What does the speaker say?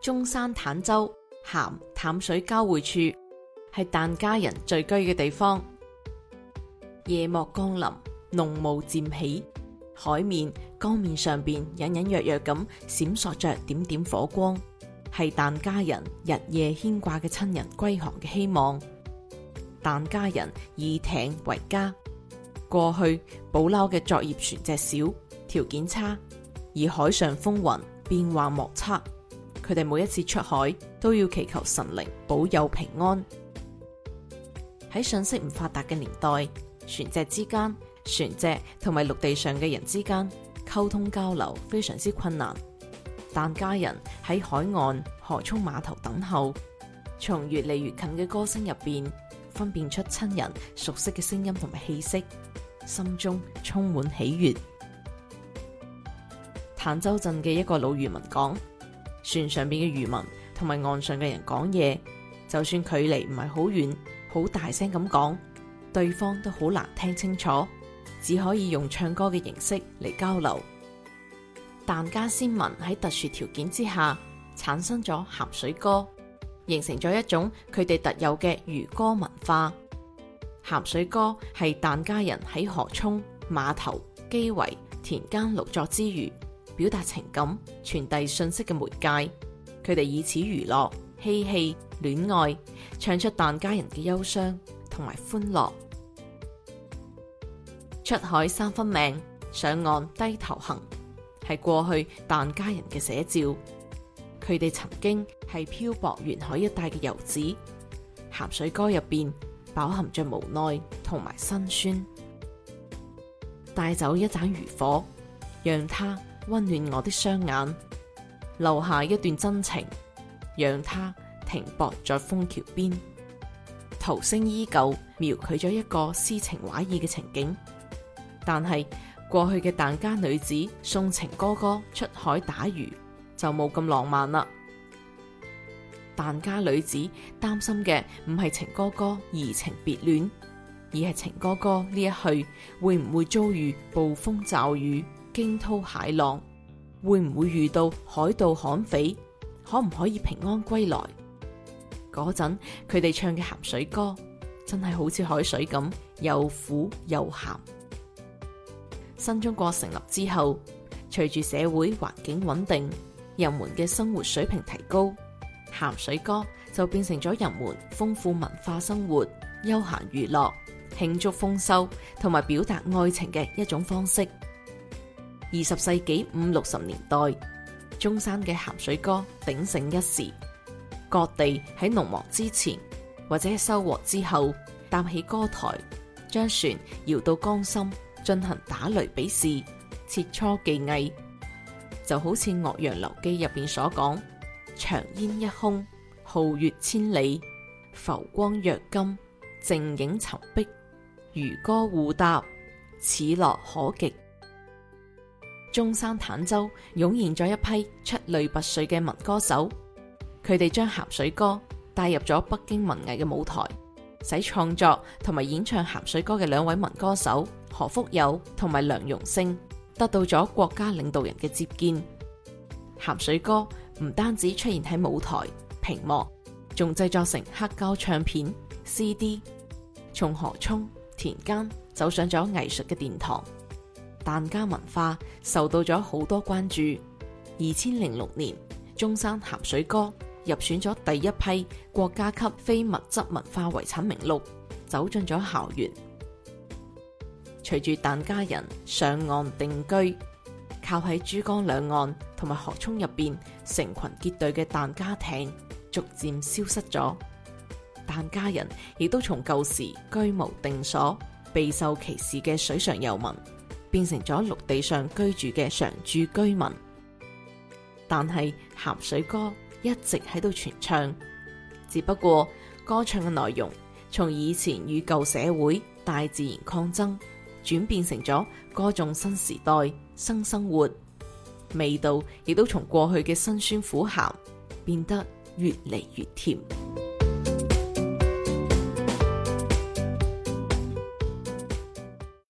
中山坦洲咸淡水交匯處係疍家人聚居嘅地方。夜幕降臨，濃霧漸起，海面、江面上邊隱隱約約咁閃爍着點點火光，係疍家人日夜牽掛嘅親人歸航嘅希望。疍家人以艇為家，過去捕撈嘅作業船隻小，條件差，而海上風雲變幻莫測。佢哋每一次出海都要祈求神靈保佑平安。喺信息唔發達嘅年代，船隻之間、船隻同埋陸地上嘅人之間溝通交流非常之困難。疍家人喺海岸、河涌碼頭等候，從越嚟越近嘅歌聲入邊分辨出親人熟悉嘅聲音同埋氣息，心中充滿喜悦。坦洲鎮嘅一個老漁民講。船上邊嘅漁民同埋岸上嘅人講嘢，就算距離唔係好遠，好大聲咁講，對方都好難聽清楚，只可以用唱歌嘅形式嚟交流。疍家先民喺特殊條件之下，產生咗咸水歌，形成咗一種佢哋特有嘅漁歌文化。咸水歌係疍家人喺河涌、碼頭、基圍、田間勞作之餘，表達情感、傳遞信息嘅媒介，佢哋以此娛樂、嬉戲、戀愛，唱出疍家人嘅憂傷同埋歡樂。出海三分命，上岸低頭行，係過去疍家人嘅寫照。佢哋曾經係漂泊沿海一帶嘅遊子，咸水歌入邊飽含着無奈同埋辛酸，帶走一盞漁火，讓它。溫暖我的雙眼，留下一段真情，讓它停泊在楓橋邊。濤聲依舊，描繪咗一個詩情畫意嘅情景。但係過去嘅疍家女子送情哥哥出海打魚就冇咁浪漫啦。疍家女子擔心嘅唔係情哥哥移情別戀，而係情哥哥呢一去會唔會遭遇暴風驟雨？驚濤駭浪，會唔會遇到海盜、悍匪？可唔可以平安歸來？嗰陣佢哋唱嘅咸水歌，真係好似海水咁，又苦又咸。新中國成立之後，隨住社會環境穩定，人們嘅生活水平提高，咸水歌就變成咗人們豐富文化生活、休閒娛樂、慶祝豐收同埋表達愛情嘅一種方式。二十世紀五六十年代，中山嘅鹹水歌鼎盛一時，各地喺農忙之前或者收穫之後，搭起歌台，將船搖到江心進行打擂比試，切磋技藝。就好似岳陽樓記入邊所講：長煙一空，皓月千里，浮光躍金，靜影沉璧，漁歌互答，此樂可極。中山坦洲湧現咗一批出類拔萃嘅民歌手，佢哋將咸水歌帶入咗北京文藝嘅舞台，使創作同埋演唱咸水歌嘅兩位民歌手何福友同埋梁容勝得到咗國家領導人嘅接見。咸水歌唔單止出現喺舞台、屏幕，仲製作成黑膠唱片、CD，從河涌、田間走上咗藝術嘅殿堂。疍家文化受到咗好多關注。二千零六年，中山咸水歌入選咗第一批國家級非物質文化遺產名錄，走進咗校園。隨住疍家人上岸定居，靠喺珠江兩岸同埋河涌入邊成群結隊嘅疍家艇逐漸消失咗，疍家人亦都從舊時居無定所、備受歧視嘅水上遊民。變成咗陸地上居住嘅常住居民，但係咸水歌一直喺度傳唱，只不過歌唱嘅內容從以前與舊社會、大自然抗爭，轉變成咗歌頌新時代、新生，生活，味道亦都從過去嘅辛酸苦咸，變得越嚟越甜。